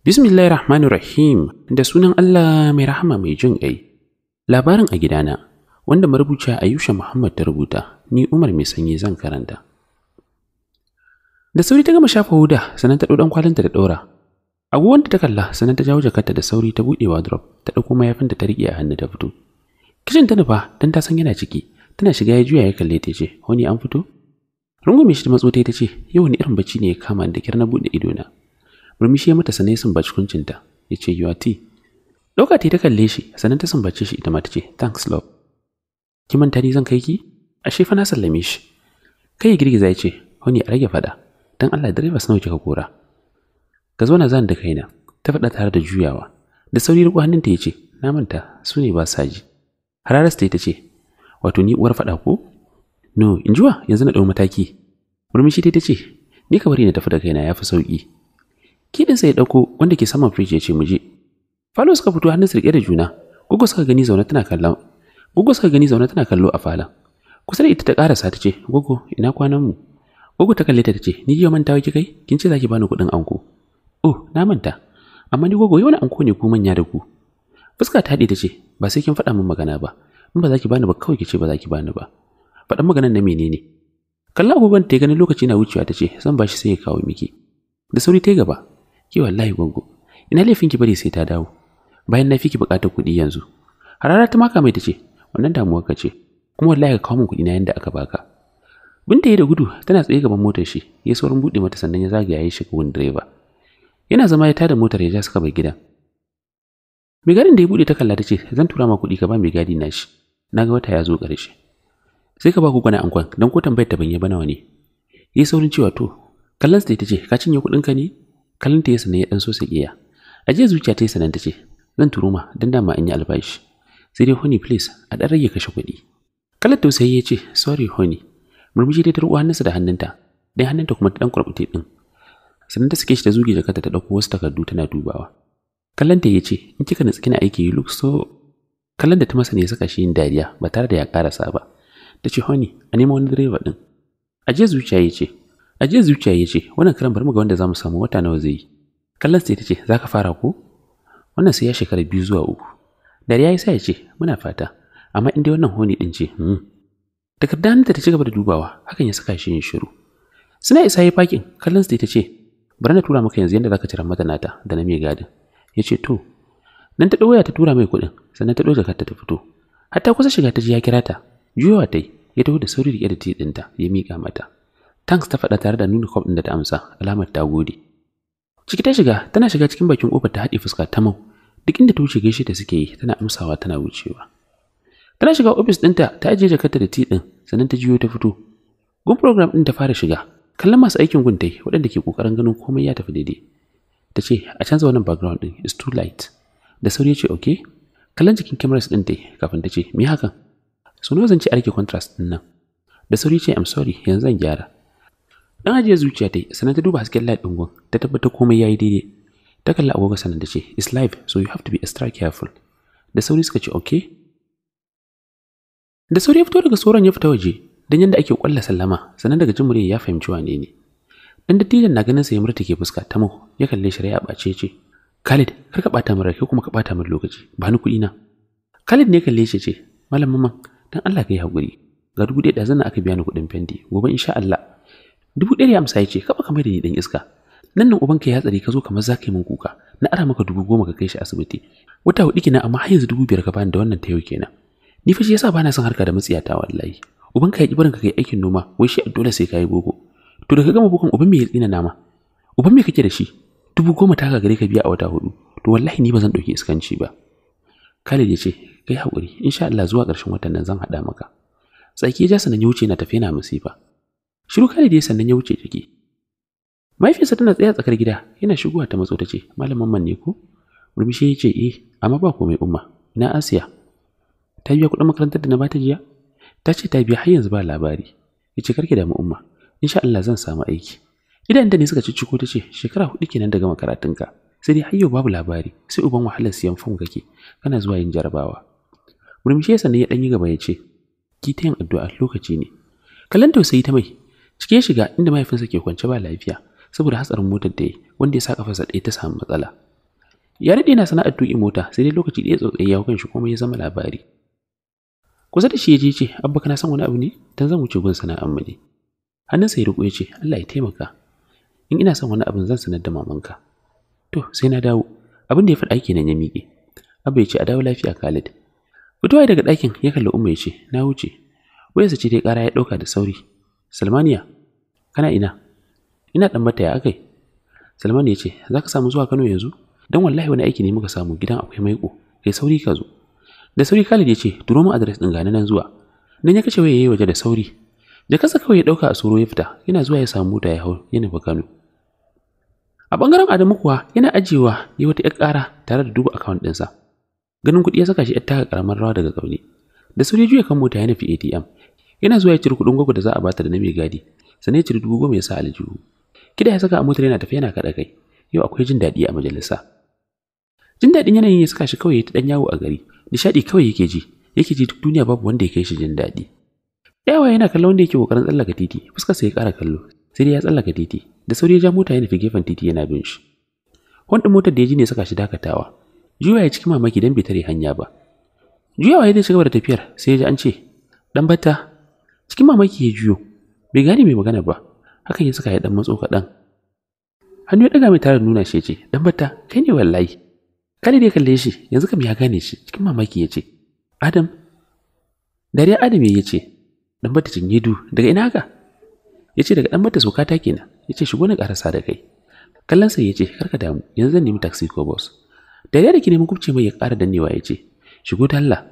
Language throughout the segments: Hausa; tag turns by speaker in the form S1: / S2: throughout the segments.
S1: Bismillahir Rahmanir Rahim da sunan Allah mai rahama mai jin ƙai. Labarin a gidana wanda marubuciya Ayusha Muhammad ta rubuta ni Umar mai sanyi zan karanta. Da sauri ta gama shafa huda sannan ta ɗan kwalinta da ɗora. Agogon ta kalla sannan ta jawo jakarta da sauri ta buɗewa drop ta ɗauko mayafin da ta riƙe a hannu ta fito. Kishin ta nufa don ta san yana ciki, tana shiga ya juya ya kalle ta ce, "Wani an fito?" Rungume shi ta matso ta ce, "Yau ne irin bacci ne ya kama da kyar na buɗe idona." Murmushi ya mata sanai sun baci kuncinta, ya ce, "You are tea." Ɗauka ta kalle shi, sannan ta sumbace shi ita ma ta ce, "Thanks love." Ki manta ni zan kai ki? Ashe fa na sallame shi. Kai ya girgiza ya ce, "Wani a rage faɗa? dan Allah direba sanau kika kora." Ka zo na zan da kaina, ta faɗa tare da juyawa. Da sauri riƙo hannunta ya ce, "Na manta, su ne ba sa ji." Hararas ta ce, wato ni uwar faɗa ko? No, in jiwa yanzu na ɗau mataki. Murmushi ta ce, ni ka bari na tafi da kaina ya fi sauƙi. Kiɗin sai ya ɗauko wanda ke saman firiji ya ce mu je. Falo suka fito hannun su da juna, gugu suka gani zaune tana kallon. Gugu suka gani zaune tana kallo a falon. Kusa da ita ta ƙarasa ta ce, gugu ina kwanan mu? Gugu ta kalle ta ta ce, ni jiya mantawa ki kai, kin ce za ki bani kuɗin anko. Oh, na manta. Amma ni gugu yau na anko ne ku manya da ku. fuska ta dade ta ce ba sai kin faɗa min magana ba in ba za ki bani ba kawai kace ba za ki bani ba faɗan maganan na menene kalla agogon ta gani lokaci na wucewa ta ce zan bashi sai ya kawo miki da sauri ta gaba ki wallahi gongo! ina laifin ki bari sai ta dawo bayan na fi ki buƙatar kuɗi yanzu harara ta maka mai ta ce wannan damuwar ka ce kuma wallahi ka kawo min kuɗi na yanda aka baka Binta ya da gudu tana tsaye gaban motar shi, ya saurin buɗe mata sannan ya zagaya ya shiga wani direba. Yana zama ya tada motar ya ja suka bai gidan. mai gadin da ya buɗe ta kalla ta ce zan tura ma kuɗi ka ba mai gadi na shi na ga wata ya zo ƙarshe sai ka ba ku gwana ankon don ko tambayar ta ban yi ne. Ya yi saurin cewa to kallon ta ce ka cinye kuɗin ka ne kallon ta ya sanar ya ɗan so iya a jiya zuciya ta yi sanan ta ce zan turo ma don dama in yi albashi sai dai honey please a ɗan rage kashe kuɗi kallon tausayi ya ce sorry honey murmushi ta tarko hannunsa da hannunta dan hannunta kuma ta ɗan kurɓute ɗin sannan ta sake shi ta zuge jakarta ta ɗauko wasu takardu tana dubawa kallon ta yace in kika nutsi kina aiki you look so kallon da ta masa ne ya saka shi yin dariya ba tare da ya karasa ba ta ce honey a nemo wani direba din aje zuciya yace aje zuciya yace wannan karan bar mu ga wanda zamu samu wata nawa zai yi kallon sai ta ce zaka fara ko wannan sai ya shekara biyu zuwa uku dariya ya sa ya ce muna fata amma inda wannan honi din ce hmm takarda hannunta ta ci gaba da dubawa hakan ya saka shi yin shiru suna isa yi fakin kallon sai ta ce bari na tura maka yanzu yadda zaka cira mata nata da na mai gadin ya ce to nan ta waya ta tura mai kuɗin sannan ta ɗau jakarta ta fito hatta kusa shiga ta ji ya kira ta juyawa ta yi ya taho da sauri riƙe da ti ɗinta ya mika mata tanks ta faɗa tare da nuna kwaf ɗin da ta amsa alamar ta gode ciki ta shiga tana shiga cikin bakin ƙofar ta haɗe fuska ta mau duk inda ta wuce gaishe da suke yi tana amsawa tana wucewa tana shiga ofis ɗinta ta ajiye jakarta da ti ɗin sannan ta jiyo ta fito gun program ɗin ta fara shiga kallon masu aikin guntai waɗanda ke ƙoƙarin ganin komai ya tafi daidai ta ce a canza wannan background din is too light da sauri ya ce okay kallon jikin cameras din dai kafin ta ce me hakan so nawa zan ci aiki contrast din nan da sauri ce i'm sorry yanzu zan gyara dan ajiye zuciya ta sanan ta duba hasken light din gon, ta tabbata komai yayi daidai ta kalla agogo sanan ta ce it's live so you have to be extra careful da sauri suka ce okay da sauri ya fito daga soron ya fita waje dan yadda ake kwalla sallama sanan daga jimure ya fahimci wane ne dan dattijan na ganin sai murta ke fuska ta mu ya kalle shi raya bace ce Khalid kar ka bata min rake kuma ka bata min lokaci ba ni kuɗi na Khalid ne kalle shi ce malam maman dan Allah kai hakuri ga dubu ɗaya ɗazan aka biya ni kuɗin fendi gobe insha Allah dubu ɗaya ya amsa ya ce kaba kamar da ni dan iska nan nan ubanka ya tsare ka zo kamar zaka yi min kuka na ara maka dubu goma ka kai shi asibiti wata hudu kina amma har yanzu dubu biyar ka bani da wannan ta yau kenan ni fa shi yasa bana son harka da ta wallahi ubanka ya ki barin ka kai aikin noma wai shi dole sai kai gogo to da ka gama bukan uban me ya tsina nama uban me kake da shi dubu goma ta gare ka biya a wata hudu to wallahi ni ba zan dauki iskanci ba Khalid ya ce kai hakuri insha Allah zuwa ƙarshen watan nan zan hada maka tsaki ya ja sanan ya wuce na tafi na musifa shiru Khalid ya sanan ya wuce take mahaifiyarsa tana tsaya tsakar gida yana shigowa ta matso ta ce malamin man ne ko murmushi ya ce eh amma ba komai umma na Asiya ta biya kudin makarantar da na bata jiya ta ce ta biya har yanzu ba labari ya ce karki mu umma insha Allah zan samu aiki idan da ne suka cicciko ta ce shekara hudu kenan da gama karatunka sai dai har babu labari sai uban wahalar siyan fom kake kana zuwa yin jarabawa murmushi sannan ya yi gaba ya ce ki ta yin addu'a lokaci ne kalan tausayi ta mai cike shiga inda mahaifinsa ke kwance ba lafiya saboda hatsarin motar da ya wanda ya sa kafarsa ɗaya ta samu matsala ya daɗe na sana'ar tuƙi mota sai dai lokaci ɗaya tsotsai ya hukan shi kuma ya zama labari kusa da shi ya je ce abba kana son wani abu ne dan zan wuce gun sana'ar mu ne Hannun ya riko ya ce Allah ya taimaka in ina son wani abin zan sanar da mamanka to sai na dawo abin da ya faɗa nan ya miƙe abba ya ce a dawo lafiya Khalid fitowa daga ɗakin ya kalli umma ya ce na wuce wayarsa ce dai ƙara ya ɗauka da sauri Salmaniya kana ina ina ɗan mata ya akai Salman ya ce za ka samu zuwa Kano yanzu Don wallahi wani aiki ne muka samu gidan akwai maiko kai sauri ka zo da sauri Khalid ya ce turo mu address din ga nan zuwa dan ya kace waye yayi waje da sauri kasa kawai ya ɗauka a tsoro ya fita yana zuwa ya samu da ya hau ya nufi kano a ɓangaren adamu kuwa yana ajiyewa ya wata 'yar ƙara tare da duba akawun ɗinsa ganin kuɗi ya saka shi 'yar taka ƙaramar rawa daga ƙauni da sauri juya kan mota yana fi atm yana zuwa ya ciri kuɗin gwagwa da za a bata da na mai gadi sannan ya ciri dubu goma ya sa aljihu kida ya saka a motar yana tafiya yana kaɗa kai yau akwai jin daɗi a majalisa jin daɗin yanayin ya saka shi kawai ya ta ɗan yawo a gari nishaɗi kawai yake ji yake ji duk duniya babu wanda ya kai shi jin daɗi yawa yana kallon wanda yake kokarin tsallaka titi, fuskar sai ya ƙara kallo. Sai dai ya tsallaka titi, da sauri ya ja mota ya nufi gefen titi yana bin shi. Hon ɗin motar da ya ji ne saka shi dakatawa. Juya ya cikin mamaki don bai tare hanya ba. Juyawa ya dai shiga da tafiyar sai ya ji an ce, "Dan batta." Cikin mamaki ya juyo, bai gane mai magana ba. Hakan ya saka ya dan matso kaɗan. Hannu ya daga mai tare nuna shi ya ce, "Dan batta, kai ne wallahi." da ya kalle shi, yanzu kam ya gane shi, cikin mamaki ya ce, Adam, dariya Adam ya ce, dan bata yidu daga ina haka yace daga dan bata soka ta kenan yace shigo na karasa da kai kallon sai yace karka damu yanzu zan nemi taxi ko bus da yare ki neman kubce mai ya ƙara dannewa yace shigo ta Allah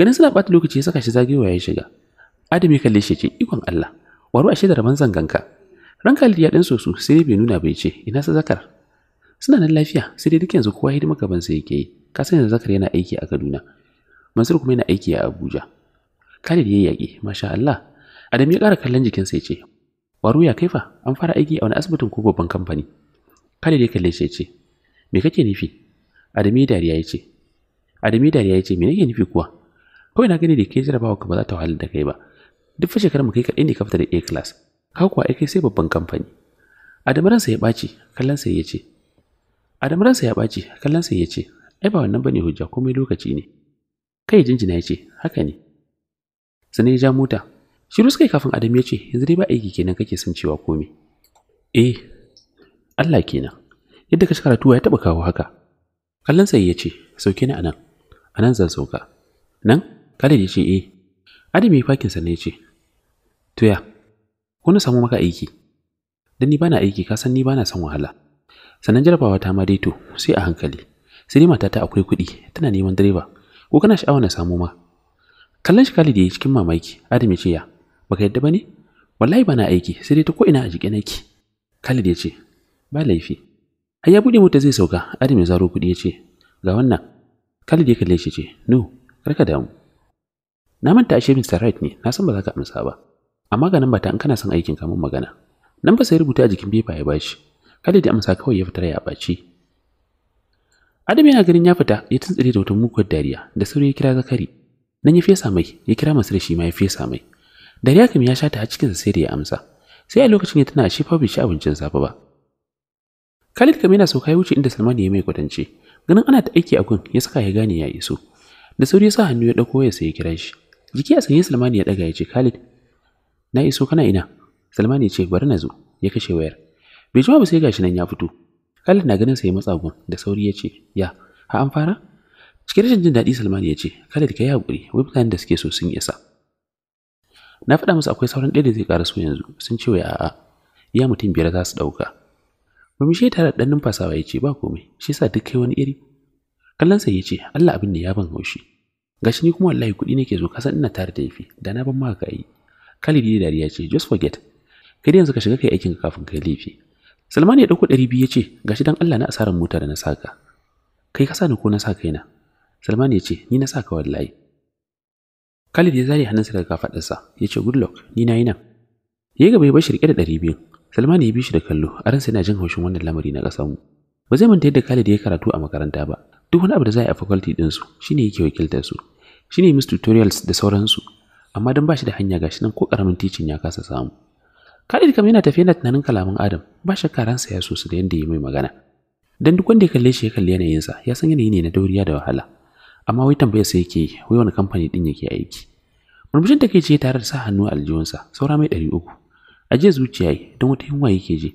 S1: ganin suna bata lokaci ya saka shi zagewa ya shiga adami ya kalle shi ce ikon Allah waro ashe da zangan ka. ran Khalid ya dan sosu sai bai nuna bai ce ina sa zakar suna nan lafiya sai dai duk yanzu kowa hidima gaban sai yake yi ka san zakar yana aiki a Kaduna Mansur kuma yana aiki a Abuja Khalid ya yaƙi, masha Allah. Adam ya ƙara kallon jikinsa ya ce, ya kai fa, an fara aiki a wani asibitin ko babban kamfani. Khalid ya kalle shi ce, Me kake nufi? Adam ya dariya ya ce, Adam ya dariya ya ce, Me nake nufi kuwa? Kawai na gani da ke jarabawa ka ba za ta wahalar da kai ba. Duk fa shekarar mu kai kaɗai ne ka fita da A class. Ka kuwa ai kai sai babban kamfani. Adam ransa ya ɓaci, kallon sa ya ce, Adam ransa ya ɓaci, kallon sa ya ce, ai ba wannan bane hujja komai lokaci ne. Kai jinjina ya ce, haka ne. sannan ya ja mota shiru suka yi kafin adam ya ce yanzu dai ba aiki kenan kake son cewa komai eh Allah kenan yadda ka karatu ya taba kawo haka kallon sai ya ce sauke ni anan anan zan sauka nan Khalid ya ce eh adam ya fakin sannan ya ce Toya. ko na samu maka aiki dan ni bana aiki ka san ni bana son wahala sannan jarabawa ta ma daito, sai a hankali sai dai matata akwai kuɗi tana neman direba ko kana sha'awa na samu ma kallon shi Khalid yayi cikin mamaki Adam ya ce ya baka yadda bane wallahi bana aiki sai dai ta ko'ina ina a jike nake Khalid ya ce ba laifi har ya bude mota zai sauka Adam ya zaro kudi ya ce ga wannan Khalid ya kalle shi ce no karka damu na manta ashe Mr. Right ne na san ba za ka amsa ba amma ga nan ta in kana son aikin kamun magana nan ba sai rubuta a jikin paper ya bashi Khalid ya amsa kawai ya fitar ya baci Adam yana ganin ya fita ya tuntsire da wata muguwar dariya da sauri ya kira Zakari nan ya fesa mai ya kira Masir shi ma ya fesa mai dariya kam ya sha ta a cikin sai da ya amsa sai a lokacin ya tana shi fa bai shi abincin safe ba Khalid kam yana sauka ya wuce inda Salman ya mai kwatance ganin ana ta aiki a gun ya saka ya gane ya iso da sauri ya sa hannu ya dauko ya sai ya kira shi jiki a sanye Salman ya daga ya ce Khalid na iso kana ina Salman ya ce bari na zo ya kashe wayar bai jima ba sai gashi nan ya fito Khalid na ganin sai ya matsa gun da sauri ya ce ya ha an fara cikin rashin jin daɗi salman ya ce kada da kai haƙuri wai mutanen da suke so sun isa na faɗa musu akwai sauran ɗaya da zai ƙara so yanzu sun ce wai a'a ya mutum biyar za su ɗauka murmushi tare da ɗan numfasawa ya ce ba komai shi sa duk kai wani iri kallon sa ya ce Allah abin da ya ban haushi gashi ni kuma wallahi kuɗi nake zo kasan ina tare da yafi da na ban maka yi Khalid da dariya ce just forget kai yanzu ka shiga kai aikin ka kafin kai laifi Salman ya ɗauko ɗari biyu ya ce gashi dan Allah na asarar mota da na saka kai ka ni ko na sa kaina Salman ya ce, Ni na sa ka wallahi. Khalid ya zare hannunsa daga kafaɗarsa, ya ce, Good ni na yi nan. Ya gaba ya bashi rike da ɗari biyu. Salman ya bi shi da kallo, a ransa yana jin haushin wannan lamari na ƙasar mu. Ba zai manta yadda Khalid ya karatu a makaranta ba. Duk wani abu da za a yi a faculty ɗinsu, shi ne yake wakiltar su. Shi ne Miss Tutorials da sauransu. Amma don ba shi da hanya gashi nan ko ƙaramin ticin ya kasa samu. Khalid kam yana tafiya na tunanin kalaman Adam, ba shakka ransa ya so su da yadda ya mai magana. Dan duk wanda ya kalle shi ya kalli yanayinsa, ya san yanayi ne na dauriya da wahala. amma wai tambayar sa yake wai wani kamfani din yake aiki murmushin take ce tare da sa hannu a aljihunsa saura mai ɗari uku jiya zuciya yi don wata yunwa ke je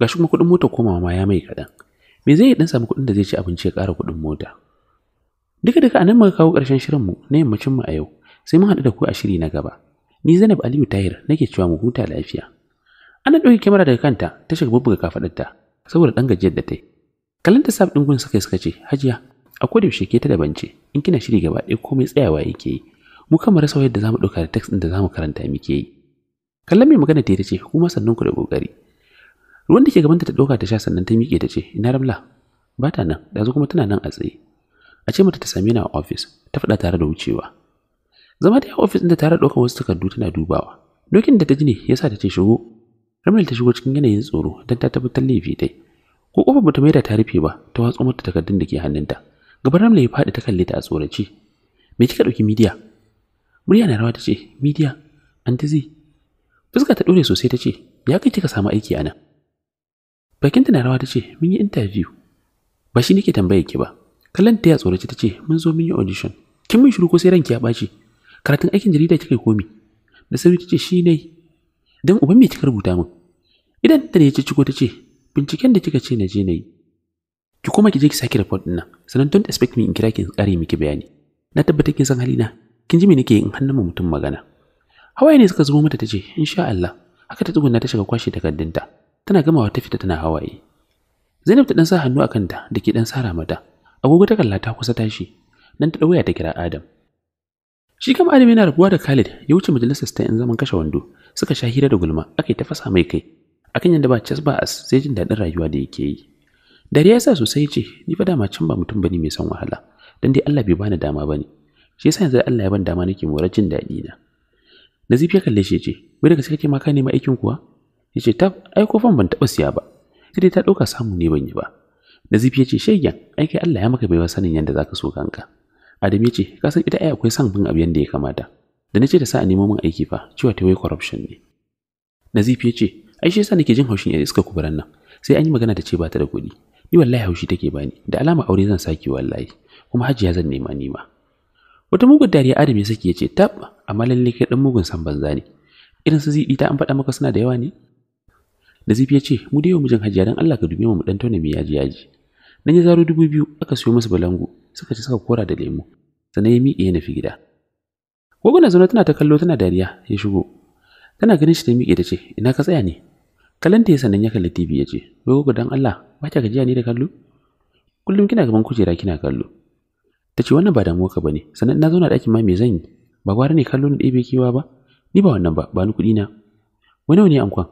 S1: gashi kuma kuɗin mota komawa ma ya mai kaɗan me zai yi ɗan samu kuɗin da zai ci abinci ya ƙara kuɗin mota duka duka anan muka kawo ƙarshen shirin mu na yammacin mu a yau sai mun haɗu da ku a shiri na gaba ni Zainab Aliyu Tahir nake cewa mu huta lafiya ana ɗauki kyamara daga kanta ta shiga bubbuga kafaɗarta saboda ɗan gajiyar da ta yi. Kalanta sab ɗin gun suka suka ce, Hajiya, a koda da ke ta daban ce in kina shiri gaba ɗaya komai tsayawa yake yi mu kan rasa yadda zamu ɗauka da text ɗin da zamu karanta muke yi kallon mai magana ta yi ta ce kuma sannan ku da kokari ruwan da ke gabanta ta ɗauka ta sha sannan ta miƙe ta ce ina ramla ba ta nan ɗazu kuma tana nan a tsaye a ce mata ta same na a ofis ta faɗa tare da wucewa zama da ofis ɗin ta tare ɗaukar wasu takardu tana dubawa dokin da ta ji ne ya sa ta ce shigo ramla ta shigo cikin yanayin tsoro don ta tabbatar laifi dai ko kofar bata mai da ta rufe ba ta watsa mata takardun da ke hannunta gaban ramla ya faɗi ta kalle ta a tsorace me kika ɗauki midiya murya na rawa ta ce midiya antizi fuska ta ɗore sosai ta ce ya kai kika samu aiki a nan bakinta na rawa ta ce mun yi interview ba shi nake tambayar ki ba kallon ta ya tsorace ta ce mun zo mun yi audition kin mun shiru ko sai ranki ya ɓaci karatun aikin jarida kika komi da sauri ta ce shi ne dan uban me kika rubuta min idan ta ne ya ciko ta binciken da kika ce na je na yi ki koma ki je ki sake report din nan sannan don't expect me in kira ki tsare miki bayani na tabbata kin san halina kin ji me nake in hannun mutum magana hawaye ne suka zubo mata ta tace insha Allah haka ta tsugunna ta shiga kwashe takardunta tana gamawa ta fita tana hawaye Zainab ta dan sa hannu akan ta dake dan sara mata agogo ta kalla ta kusa tashi nan ta dauya ta kira Adam Shi kam Adam yana rabuwa da Khalid ya wuce majalisar ta yan zaman kashe wando suka sha hira da gulma aka yi ta fasa mai kai akan yadda ba cas ba as sai jin dadin rayuwa da yake yi. dare yasa sosai ce, ni fa ma cin ba mutum bane mai son wahala, dan dai Allah bai bani dama bane. Shi yasa yanzu Allah ya bani dama nake mora jin daɗi na. nazifi ya kalle shi ce, "Wai daga kake ma ka nema aikin kuwa?" Ya ce, "Tab, ai ko ban taba siya ba." Sai dai ta dauka samu ne ban yi ba. nazifi ya ce, "Shegen, ai kai Allah ya maka baiwa sanin yadda zaka so kanka." Adam ya ce, "Ka san ita ai akwai san bin abu yadda ya kamata." Da na ce ta sa a nemo min aiki fa, cewa ta wai corruption ne. nazifi ya ce, "Ai shi yasa nake jin haushin yar iska kubaran nan." Sai an yi magana da ce ba ta da kuɗi. ni wallahi haushi take bani da alama aure zan saki wallahi kuma hajiya zan nema nima wata mugun dariya adam ya saki ya ce tab amma lalle kai dan mugun san banza ne irin su zidi ta an faɗa maka suna da yawa ne da zifi ya ce mu da yau mijin hajiya dan Allah ka dube mu dan tona mi yaji yaji na ya zaro dubu biyu aka siyo masa balangu suka ci suka kora da lemu sannan ya miƙe ya nufi gida gwagwana zaune tana ta kallo tana dariya ya shigo tana ganin shi ta miƙe ta ce ina ka tsaya ne kalanta ya sannan ya kalli tv ya ce ga dan allah ba ta gajiya ni da kallo kullum kina gaban kujera kina kallo ta ce wannan ba damuwa ka ne, sannan na zauna ɗakin ma me zan yi ba gwara ne kallo na ɗebe kewa ba ni ba wannan ba ba ni kuɗi na wani wani ankwan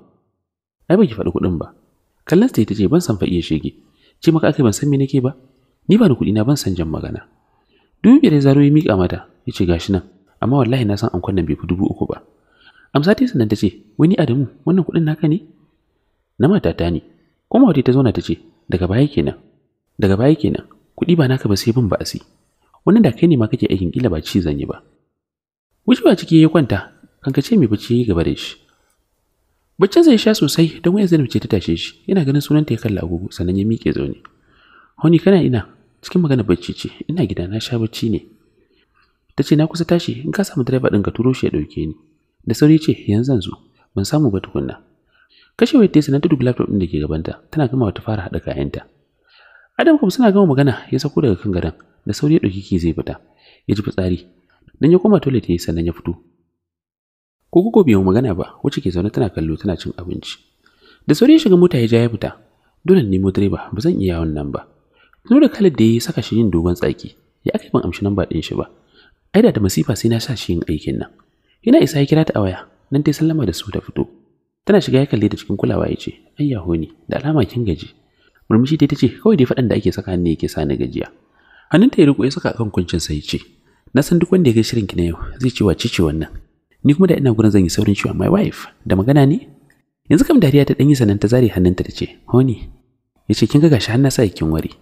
S1: ai ba ki faɗi kuɗin ba kallon ta ce ban san faɗi ya shege ce maka aka ban san me nake ba ni ba ni kuɗi na ban san jan magana dubi ya zaro ya miƙa mata ya ce gashi nan amma wallahi na san ankwan nan bai fi dubu uku ba amsa ta sannan ta ce wani adamu wannan kuɗin naka ne na matata ne kuma wata ta zauna ta ce daga baya kenan daga baya kenan kuɗi ba naka ba sai bin ba'asi wani da kai ne ma kake aikin kila ba ci zan yi ba ba ciki ya kwanta kankace mai bacci ya gaba da shi baccin zai sha sosai don wayar zainab ce ta tashe shi yana ganin sunanta ya kalla agogo sannan ya miƙe zaune honi kana ina cikin magana bacci ce ina gida na sha bacci ne ta ce na kusa tashi in ka samu direba ɗin ka turo shi ya ɗauke ni da sauri ce yanzu zan zo ban samu ba tukunna kashe wayar tesa na ta dubi laptop din da ke gabanta tana gama ta fara hada kayanta Adam kuma suna gama magana ya sako daga kan gadon da sauri ya dauki ki zai fita ya ji fitsari dan ya koma toilet ya sannan ya fito ko kuko biyan magana ba wacce ke zaune tana kallo tana cin abinci da sauri ya shiga mota ya ja ya fita dole ne nemo direba ba zan iya wannan ba zo da kalar da ya saka shi yin dogon tsaki ya aka ban amshi namba din shi ba ai da masifa sai na sa shi yin aikin nan yana isa ya kira ta a waya nan ta sallama da su ta fito tana shiga ya kalle ta cikin kulawa ya ce ai yaho ne da alama kin gaji murmushi ta ce kawai dai faɗan da ake saka hannu yake sa ni gajiya hannunta ya riko ya saka kan kuncin ya ce na san duk wanda ya ga shirin ki na yau zai ce wace ce wannan ni kuma da ina gurin zan yi saurin cewa my wife da magana ne yanzu kam dariya ta danyi sanan ta zare hannunta ta ce honey ya ce kin ga gashi hannun sa kin wari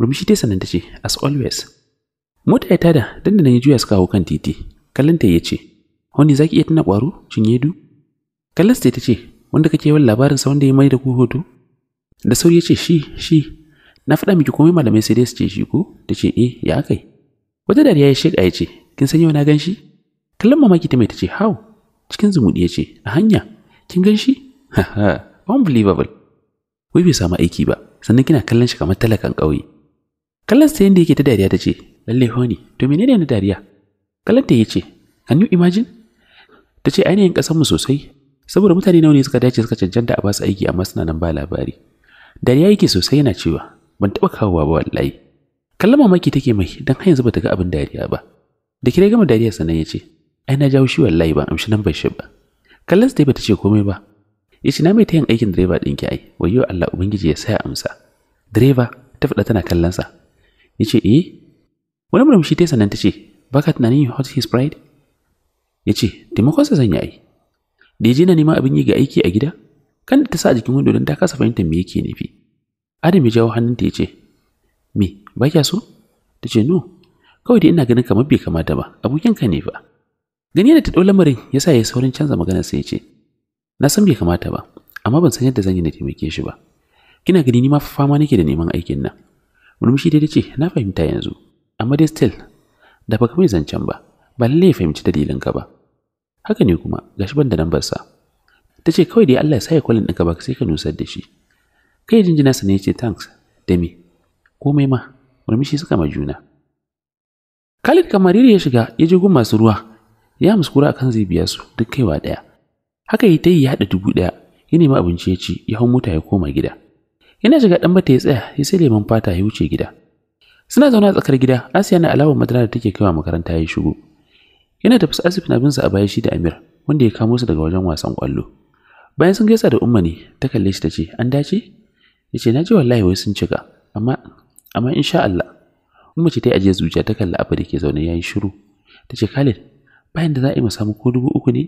S1: murmushi ta sanan ta ce as always mota ya tada dandanan ya juya suka hau kan titi kallon ta ya ce honey zaki iya tuna kwaro cinye du kallas ta ce wanda kake yawan labarinsa wanda ya mai da ku hoto da sauri ya ce shi shi na faɗa miki komai malamai sai dai su ce shi ko ta ce eh ya kai wata dariya ya sheka ya ce kin san yau na gan shi kallon mamaki ta mai ta ce how cikin zumudi ya ce a hanya kin gan shi ha ha unbelievable wai bai samu aiki ba sannan kina kallon shi kamar talakan ƙauye kallon sa yadda yake ta dariya ta ce lalle honi to menene na dariya kallon ta ya ce can you imagine ta ce ainihin ƙasarmu sosai saboda mutane nawa ne suka dace suka cancanta a basu aiki amma suna nan ba labari dariya yake sosai yana cewa ban taɓa kawowa ba wallahi kallon mamaki take mai don har yanzu ta ga abin dariya ba da kira gama dariya sannan ya ce ai na jawo shi wallahi ba amshi nan shi ba kallon sai bata ce komai ba ya ce na mai ta yin aikin direba ɗin ki ai wayo Allah ubangiji ya saya amsa direba ta faɗa tana kallon sa ya ce eh wani murmushi ta sannan ta ce baka tunanin you hot his pride ya ce taimakonsa zan yi ai da ya je na neman abin yi ga aiki a gida kan ta sa jikin wando don ta kasa fahimtar me yake nufi adam ya jawo hannunta ya ce me ba kya so ta ce no kawai da ina ganin kamar bai kamata ba abokinka ne ba gani da ta ɗau lamarin ya sa ya saurin canza magana sai ya ce na san bai kamata ba amma ban san yadda zan yi na taimake shi ba kina gani ni ma fama nake da neman aikin nan murmushi dai ta ce na fahimta yanzu amma dai still da baka mai zancen ba ba lallai ya fahimci dalilin ka ba haka ne kuma gashi ban da nambar sa ta ce kawai dai Allah ya sa kwalin ɗinka ba sai ka nusar da shi kai jinjina sa ne ya ce thanks da me komai ma murmushi suka ma juna Khalid kamariri ya shiga ya je gun masu ruwa ya muskura akan zai biya su duk kaiwa daya haka yi ta yi ya haɗa dubu daya ya nemi abinci ya ci ya hau mota ya koma gida yana shiga dan bata ya tsaya ya sai leman fata ya wuce gida suna zauna a tsakar gida Asiya na alawar madara da take kaiwa makaranta ya shigo yana tafasa asif na binsa a baya shi da amir wanda ya kamo su daga wajen wasan kwallo bayan sun gaisa da umma ne ta kalle shi ta ce an dace ya ce na ji wallahi wai sun cika amma amma insha Allah umma ce ta yi zuciya ta kalli abu da ke zaune ya yi shiru ta ce Khalid bayan da za a yi samu ko dubu uku ne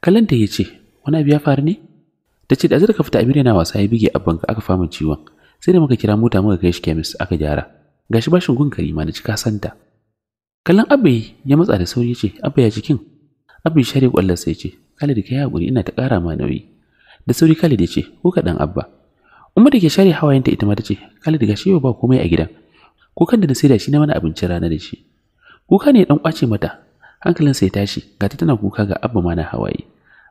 S1: kallon ta ya ce wani abu ya faru ne ta ce da zai ka fita Amir yana wasa ya bige abban ka aka fama ciwon sai da muka kira mota muka kai shi kemis aka gyara gashi bashin gun kari ma na cika santa kallon abai ya matsa da sauri ce abai ya jikin abai share kwallon sai ce kalidi kai hakuri ina ta ƙara ma nauyi da sauri kalidi ya ce ko kaɗan abba umma da ke share hawayenta ita ma ta ce kala ga shi ba komai a gidan kukan da na saida shi na mana abincin rana da shi kuka ne dan kwace mata Hankalin sai ya tashi ga ta tana kuka ga abba ma na hawaye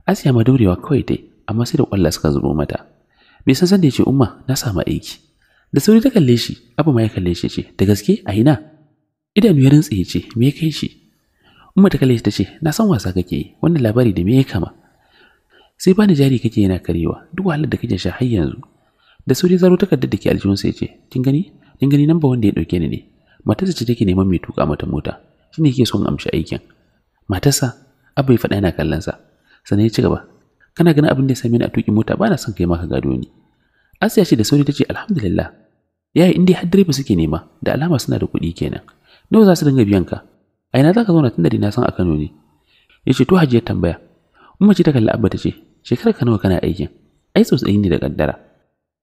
S1: asiya ma durewa kawai dai amma sai da kwalla suka zubo mata bai san san da ya ce umma na samu aiki da sauri ta kalle shi abba ma ya kalle shi ce da gaske a ina idanu ya tsaye ce me kai shi umma ta kalle ta ce na san wasa kake yi wannan labari da me ya kama sai bani jari kake yana karewa duk wahalar da kake sha har yanzu da sauri zaro takardar da ke aljihun ya ce kin gani kin gani nan ba wanda ya dauke ni ne matarsa ce take neman mai tuka mata mota shine yake son amshi aikin matarsa abai faɗa yana kallon sa sannan ya ci gaba kana ganin abin da ya same ni a tuki mota ba na son kai maka gado ni Asiya ce da sauri tace alhamdulillah yayi indai har direba suke nema da alama suna da kuɗi kenan nawa za su dinga biyan ka a ina za ka zauna tunda na san a Kano ne ya ce to hajiyar tambaya umma ce ta kalli abba ta ce shekarar ka nawa kana aikin ai sosai ne da kaddara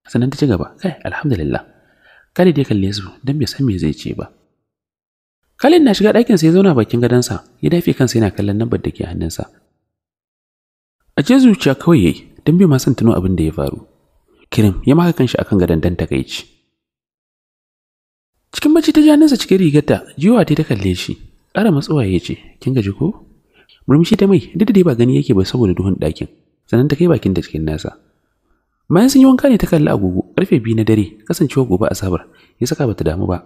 S1: sannan ta ci gaba kai alhamdulillah Khalid ya kalle su dan bai san me zai ce ba Khalid na shiga ɗakin sa ya zauna bakin gadonsa, ya dafe kansa yana kallon lambar da ke hannunsa a ce zuciya kawai yayi dan bai ma san tuno abin da ya faru kirim ya maka kanshi akan gadan dan takaici cikin bacci ta ji hannunsa cikin rigarta jiwa ta kalle shi ƙara matsuwa ya ce kin gaji ko murmushi ta mai duk da dai ba gani yake ba saboda duhun ɗakin sannan ta kai bakin da cikin nasa bayan sun yi wanka ne ta kalli agogo karfe biyu na dare kasancewa gobe asabar ya saka bata damu ba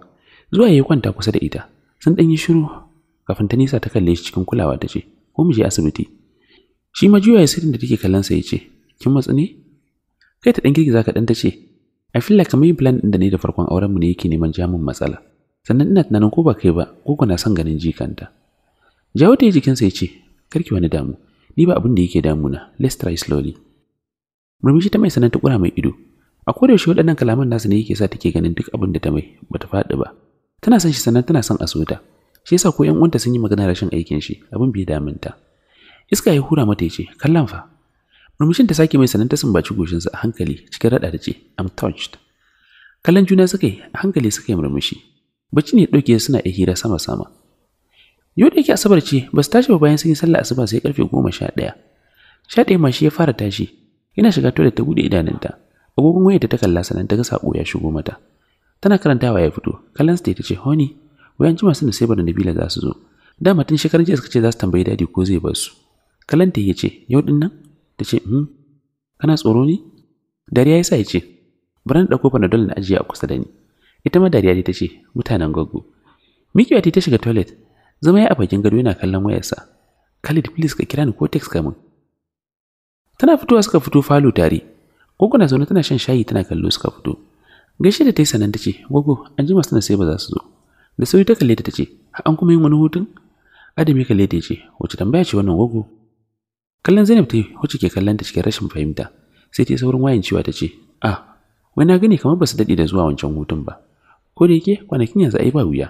S1: zuwa ya yi kwanta kusa da ita sun ɗan yi shiru kafin ta nisa ta kalle shi cikin kulawa ta ce ko mu je asibiti shi ma juya ya sirrin da take kallon ya ce kin matsu ne kai ta ɗan girgiza kaɗan ta ce a filla like kamar plan ɗin da ne da farkon auren mu ne yake neman jamun matsala. Sannan ina tunanin ko ba kai ba, ko kuna son ganin jikanta. Jawo ta yi jikinsa ya ce, karki wani damu, ni ba abin da yake damuna, let's try slowly. Murmushi ta mai sanan ta kura mai ido. A kodayaushe waɗannan kalaman nasu ne yake sa take ganin duk abin da ta mai bata faɗi ba. Tana son shi sannan tana son a so ta. Shi yasa ko yan uwanta sun yi magana rashin aikin shi, abin bai daminta. Iska ya hura mata ya ce, kallon fa, Murmushin ta sake mai sanin ta sumbaci goshinsa a hankali cikin rada da ce, "I'm touched." Kallon juna suka yi, a hankali suka yi murmushi. Bacci ne ɗauke suna iya hira sama-sama. Yau da yake asabar ce, ba su tashi ba bayan sun yi sallah asuba sai karfe goma sha ɗaya. Sha ɗaya ma shi ya fara tashi, yana shiga toilet ta buɗe idanunta. Agogon wayarta ta kalla sanan ta ga sako ya shigo mata. Tana karantawa ya fito, kallon ta ce, "Honey, wayan jima sun da sai da Nabila za su zo." Dama tun shekaran jiya suka ce za su tambayi dadi ko zai bar su. Kallon ta ya ce, "Yau din nan?" ta ce hmm kana tsoro ne dariya yasa ya ce bari na ɗauko panadol na ajiye a kusa da ni ita ma dariya ta ce mutanen gwaggo mikiwa ta shiga toilet zama ya a bakin gado yana kallon wayarsa Khalid please ka kira ni ko ka mun. tana fitowa suka fito falo tare gogo na zaune tana shan shayi tana kallo suka fito gaishe da ta yi sanan ta ce gogo an ji masu na sai ba za su zo da sauri ta kalle ta ce an kuma yin wani hutun adam ya kalle ta ce wace tambaya ce wannan gogo kallon zainab ta yi wacce ke kallon ta cikin rashin fahimta sai ta yi saurin wayan cewa ta ce A ah, wai na gani kamar ba su daɗe da zuwa wancan hutun ba ko da yake kwanakin yanzu ai ba wuya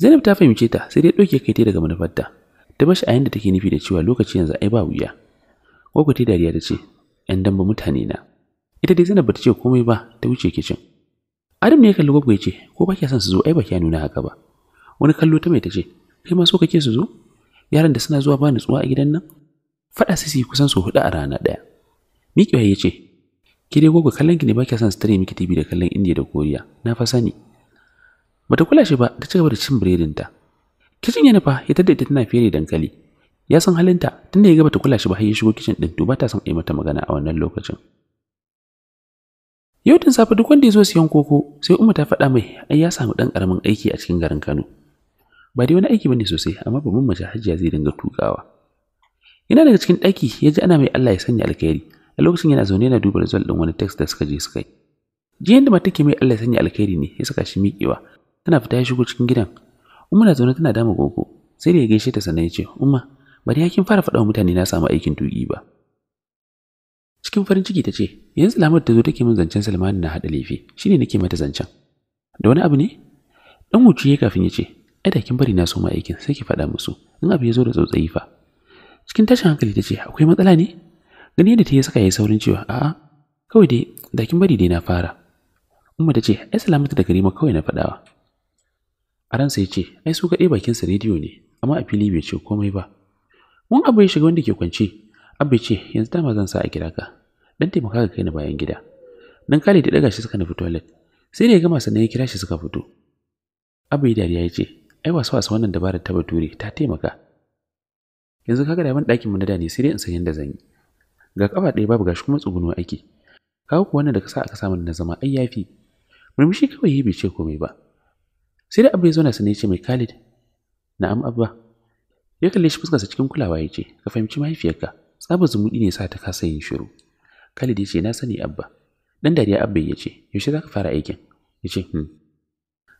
S1: zainab ta fahimce ta sai dai ɗauke kai ta daga manufarta ta bashi a yanda take nufi da cewa lokaci yanzu ai ba wuya gwagwa ta dariya ta ce ‘yan damba mutane na ita dai zainab bata ce komai ba ta wuce kicin adam ne ya kalli gwagwa ya ce ko ba kya son su zo ai ba kya nuna haka ba wani kallo ta mai ta ce kai ma so kake su zo yaran da suna zuwa ba nutsuwa a gidan nan faɗa su yi kusan su huɗu a rana ɗaya Miki ya ce ki dai gogo kallon ki ne ba kya son stream tare miki tv da kallon indiya da koriya na fa sani bata kula shi ba ta ci gaba da cin biredin ta kicin yana fa ya tadda ita tana fere dankali ya san halinta tunda ya gaba bata kula shi ba har ya shigo kicin din to ta son a mata magana a wannan lokacin yau tun safe duk wanda ya zo siyan koko sai umma ta faɗa mai ai ya samu ɗan ƙaramin aiki a cikin garin kano ba dai wani aiki bane sosai amma babban mace hajjiya zai dinga tukawa yana daga cikin ɗaki ya ji ana mai Allah ya sanya alkhairi a lokacin yana zaune yana duba result ɗin wani text da suka je suka yi Ji da mata ke mai Allah ya sanya alkhairi ne ya saka shi miƙewa tana fita ya shigo cikin gidan umma na zaune tana dama gogo sai da ya gaishe ta sannan ya ce umma bari yakin fara faɗa wa mutane na samu aikin tuƙi ba cikin farin ciki ta ce yanzu lamar ta zo take min zancen salmani na haɗa lefe shine nake mata zancen da wani abu ne dan wuce kafin ya ce ai da kin bari na so ma aikin sai ki faɗa musu in abu ya zo da tsautsayi fa cikin tashin hankali ta ce akwai matsala ne gani yadda ta yi saka ya saurin cewa a'a kawai dai da kin bari dai na fara umma ta ce ai salamatu da karima kawai na fadawa. a ransa ya ce ai su kaɗai sa rediyo ne amma a fili bai ce komai ba mun abu ya shiga wanda ke kwance abu ya ce yanzu dama zan sa a kira ka dan taimaka ka kai na bayan gida dan kale ta daga shi suka nufi toilet sai da ya gama sannan ya kira shi suka fito abu ya dariya ya ce ai wasu wasu wannan dabarar ta bature ta taimaka yanzu kaga da ban ɗakin mu na da ne sai dai in san yanda zan yi ga kafa ɗaya babu gashi kuma tsuguno ake kawo ku wannan da ka sa aka samu na zama ai yafi murmushi kawai yi bai ce komai ba sai da abu ya zauna sane ce mai Khalid na'am abba ya kalle shi fuskarsa cikin kulawa ya ce ka fahimci mahaifiyarka tsaba zumuɗi ne sa ta kasa yin shiru Khalid ya ce na sani abba dan dariya abba ya ce yaushe za ka fara aikin ya ce hmm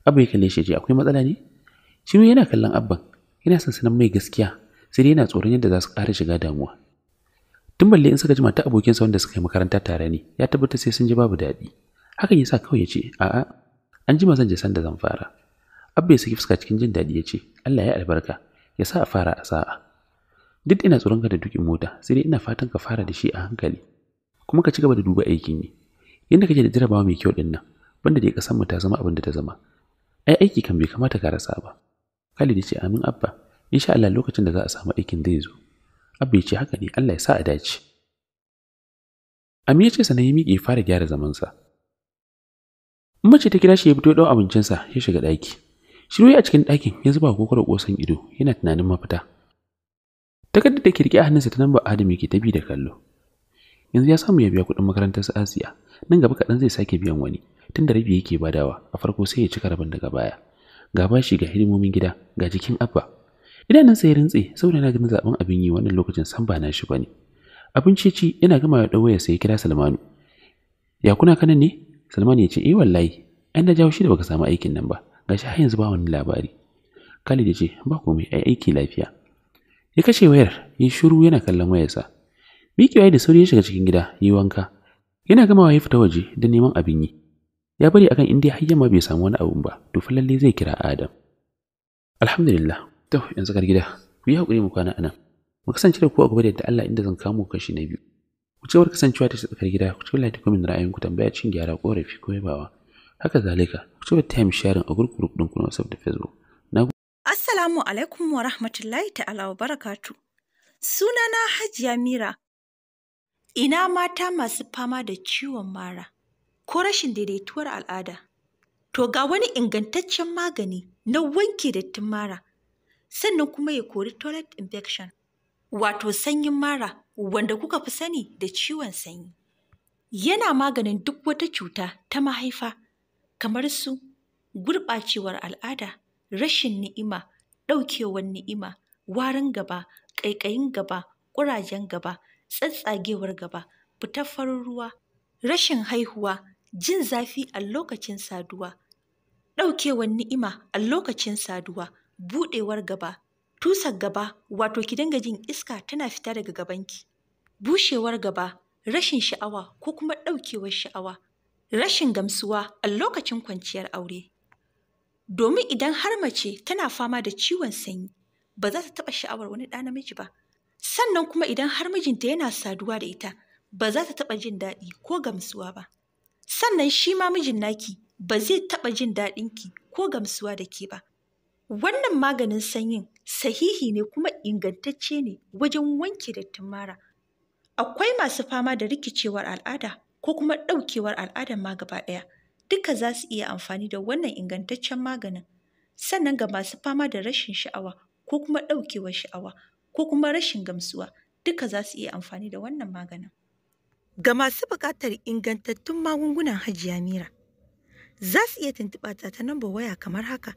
S1: abba ya kalle shi ya ce akwai matsala ne shi yana kallon Abba? yana son sanan mai gaskiya sai dai yana tsoron yadda za su ƙara shiga damuwa tun balle in suka jima ta abokinsa wanda suka yi makaranta tare ne ya tabbata sai sun ji babu daɗi hakan yasa kawai ya ce a'a an jima zan je sanda zan fara abba ya saki fuska cikin jin daɗi ya ce Allah ya albarka ya sa a fara a sa'a duk ina tsoron ka da dukin mota sai dai ina fatan ka fara da shi a hankali kuma ka ci gaba da duba aikin ne yadda kake da jarabawa mai kyau dinnan. nan banda dai kasan mu ta zama abin da ta zama ai aiki kan bai kamata ka rasa ba Khalid ya ce amin abba insha Allah lokacin da za a samu aikin zai zo abba ya ce haka ne Allah ya sa a dace Ami ya ce sanayi ya miƙe fara gyara zamansa mace ta kira shi ya fito ɗau abincinsa ya shiga ɗaki shiru a cikin ɗakin ya zuba kokoro ƙosan ido yana tunanin mafita takardar da kirki a hannunsa ta namba adam yake ta bi da kallo yanzu ya samu ya biya kuɗin makarantar su asiya nan gaba kaɗan zai sake biyan wani tun da rabi yake badawa a farko sai ya cika rabin daga baya ga bashi ga hidimomin gida ga jikin abba idanunsa ya rintse saboda na ganin zaben abin yi wannan lokacin san ba na shi bane abin cici yana gama da dawo ya sai kira Salmanu ya kuna kanan ne Salmanu ya ce eh wallahi an da jawo shi da baka samu aikin nan ba gashi har yanzu ba wani labari Khalid ya ce ba komai ai aiki lafiya ya kashe wayar ya shiru yana kallon wayarsa Miki yayi da sauri ya shiga cikin gida yi wanka yana gama ya fita waje da neman abin yi ya bari akan inda har yamma bai samu wani abu ba to fa lalle zai kira Adam alhamdulillah To, yanzu kar gida, ku yi haƙuri mu kwana anan. Mu kasance da ku a gaba da Allah inda zan kamo kashi na biyu. Ku ci gaba kasancewa ta tsakar gida, ku ci gaba da ra'ayin ra'ayinku tambaya cin gyara ƙorafi ko yabawa. Haka zalika, ku ci gaba time sharing a gurguruk ku na WhatsApp da Facebook.
S2: Assalamu alaikum wa rahmatullahi ta'ala wa barakatu. Sunana Hajiya Mira. Ina mata masu fama da ciwon mara ko rashin daidaituwar al'ada. To ga wani ingantaccen magani na wanke dattin mara sannan kuma ya kori toilet infection wato sanyin mara wanda kuka fi sani da ciwon sanyi. Yana maganin duk wata cuta ta mahaifa kamar su gurɓacewar al'ada, rashin ni'ima, ɗaukewar ni'ima, warin gaba, ƙaiƙayin gaba, ƙurajen gaba, tsatsagewar gaba, fitar ruwa, rashin haihuwa, jin zafi a lokacin saduwa, ɗaukewar ni'ima a lokacin saduwa, buɗewar gaba, tusar gaba wato ki dinga jin iska tana fita daga gabanki, bushewar gaba, rashin sha'awa ko kuma ɗaukewar sha'awa, rashin gamsuwa a lokacin kwanciyar aure. Domin idan har mace tana fama da ciwon sanyi, ba za ta taɓa sha'awar wani ɗa namiji ba. Sannan kuma idan har mijinta yana saduwa da ita, ba za ta taɓa jin daɗi ko gamsuwa ba. Sannan shi ma mijin naki ba zai taɓa jin daɗin ki ko gamsuwa da ke ba. Wannan maganin sanyin sahihi ne kuma ingantacce ne wajen wanke dattin mara. Akwai masu fama da rikicewar al'ada ko kuma ɗaukewar al'adar ma gaba ɗaya. Duka za su iya amfani da wannan ingantaccen maganin. Sannan ga masu fama da rashin sha'awa ko kuma ɗaukewar sha'awa ko kuma rashin gamsuwa duka za su iya amfani da wannan maganin. Ga masu buƙatar ingantattun magungunan hajiya Mira, za su iya tuntuɓa ta ta waya kamar haka.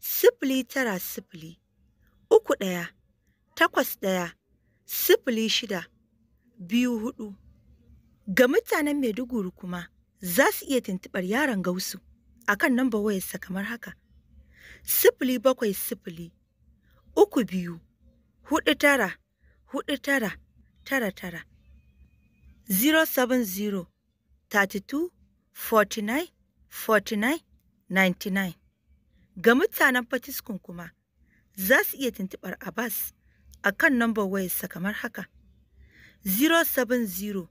S2: sifili tara sifili uku ɗaya takwas ɗaya sifili shida biyu hudu ga mutanen maiduguri kuma za su iya tuntuɓar yaron gausu a kan namba wayarsa kamar haka sifili bakwai sifili uku biyu hudu tara hudu tara tara tara 070 32 49 49 99 Ga mutanen Fatiskun kuma za su iya tuntuɓar Abbas a kan nambar wayarsa kamar haka: 070